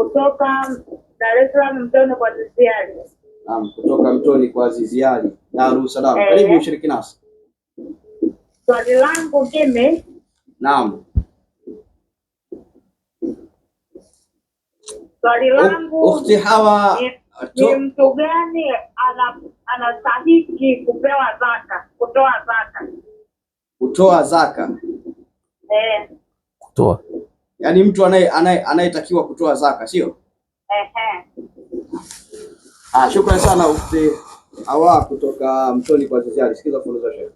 kutoka Dar es Salaam Mtoni kwa Aziziali. Naam, kutoka Mtoni kwa ziziari Dar es Salaam. Eh. Karibu ushiriki nasi. Swali langu kimi. Naam. Swali langu Ukhti Hawa, ni mtu gani anastahiki kupewa zaka, kutoa zaka? Kutoa zaka. Eh. Kutoa yaani mtu anayetakiwa kutoa zaka, sio? Ah, shukrani sana ukti awa kutoka Mtoni kwa Zizari. Sikiza fundisho shehe.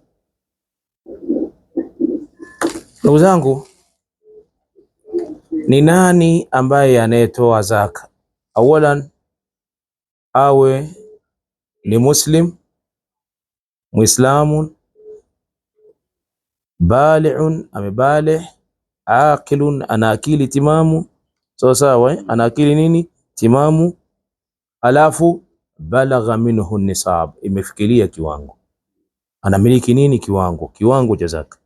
Ndugu zangu, ni nani ambaye anayetoa zaka? Awalan awe ni muslim muislamun baliun amebale aqilun, ana akili timamu sawa sawa eh? ana akili nini timamu, alafu balagha minhu nisab, imefikiria kiwango, anamiliki nini kiwango, kiwango cha zaka.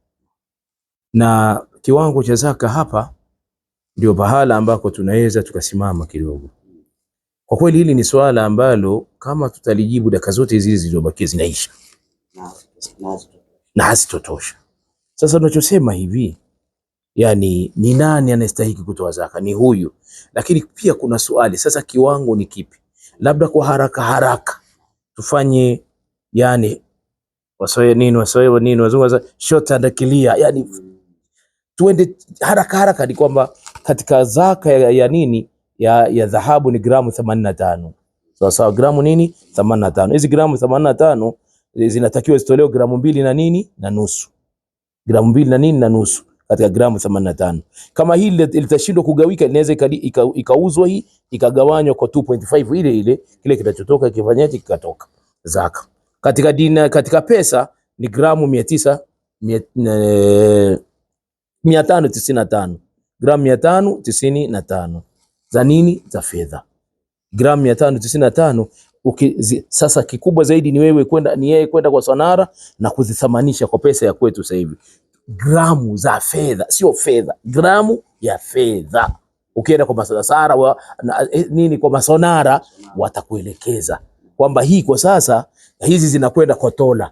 Na kiwango cha zaka hapa ndio pahala ambako tunaweza tukasimama kidogo. Kwa kweli hili ni swala ambalo kama tutalijibu dakika zote hizi zilizobakia zinaisha na hazitotosha. Sasa tunachosema hivi yani ni nani anayestahiki kutoa zaka? Ni huyu. Lakini pia kuna swali sasa, kiwango ni kipi? Labda kwa haraka haraka tufanye yani wasoe nini wasoe nini wazungu short and clear, yani tuende haraka haraka. Ni kwamba katika zaka ya, ya nini ya, ya dhahabu ni gramu 85 sawa sawa, gramu nini 85. Hizi gramu 85 e, zinatakiwa zitolewe gramu mbili na nini na nusu, gramu mbili na nini na nusu katika gramu 85. Kama hii litashindwa kugawika, inaweza ikauzwa hii ikagawanywa kwa 2.5 ile ile, kile kinachotoka kifanyaje, kikatoka zaka. Katika dina, katika pesa ni gramu 900 595 eh, gramu 595 za nini? Za fedha gramu 595. Uki, zi, sasa kikubwa zaidi ni wewe kwenda ni yeye kwenda kwa sanara na kuzithamanisha kwa pesa ya kwetu sasa hivi gramu za fedha, sio fedha, gramu ya fedha. Ukienda kwa masasara wa, na, eh, nini kwa masonara watakuelekeza kwamba hii kwa sasa hizi zinakwenda kwa tola,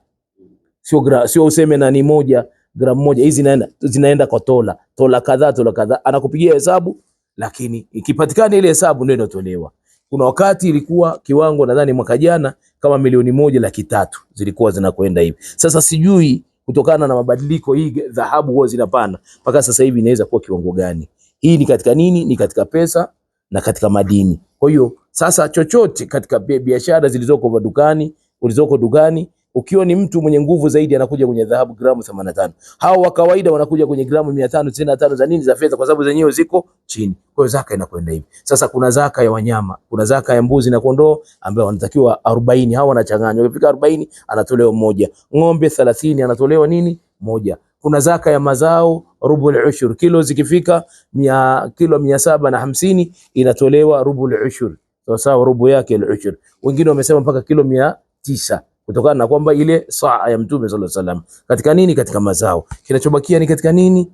sio gra, sio useme nani moja gramu moja, hizi zinaenda zinaenda kwa tola, tola kadhaa, tola kadhaa, anakupigia hesabu, lakini ikipatikana ile hesabu ndio inatolewa. Kuna wakati ilikuwa kiwango nadhani mwaka jana kama milioni moja laki tatu zilikuwa zinakwenda hivi, sasa sijui kutokana na mabadiliko hii dhahabu huwa zinapanda mpaka sasa hivi inaweza kuwa kiwango gani? Hii ni katika nini? Ni katika pesa na katika madini. Kwa hiyo sasa chochote katika biashara zilizoko madukani, ulizoko dukani ukiwa ni mtu mwenye nguvu zaidi anakuja kwenye dhahabu gramu 85. Hao wa kawaida wanakuja kwenye gramu 595 za nini? Za fedha, kwa sababu zenyewe ziko chini. Kwa hiyo zaka inakwenda hivi. Sasa kuna zaka ya wanyama, kuna zaka ya mbuzi na kondoo ambao wanatakiwa 40. Hao wanachanganywa. Ukifika 40 anatolewa moja. Ng'ombe 30 anatolewa nini? Moja. Kuna zaka ya mazao rubul ushur. Kilo zikifika mia, kilo 750 inatolewa rubul ushur. Sawa sawa, rubu yake al ushur. Wengine wamesema mpaka kilo 900 kutokana na kwamba ile saa ya Mtume sallallahu alaihi wasallam katika nini? Katika mazao. Kinachobakia ni katika nini?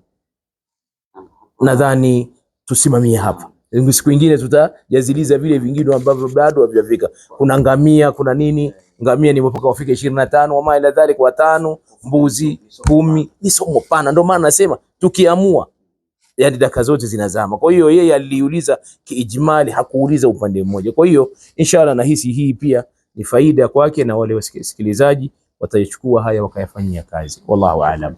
Nadhani tusimamie hapa, siku nyingine tutajaziliza vile vingine ambavyo bado havijafika. Kuna ngamia, kuna nini, ngamia ni mpaka wafike ishirini na tano wama ila dhalik, watano mbuzi kumi. Ni somo pana, ndio maana nasema tukiamua yani daka zote zinazama. Kwa hiyo yeye aliuliza kiijmali, hakuuliza upande mmoja. Kwa hiyo inshallah nahisi hii pia ni faida kwake na wale wasikilizaji watayachukua haya wakayafanyia kazi. Wallahu aalam.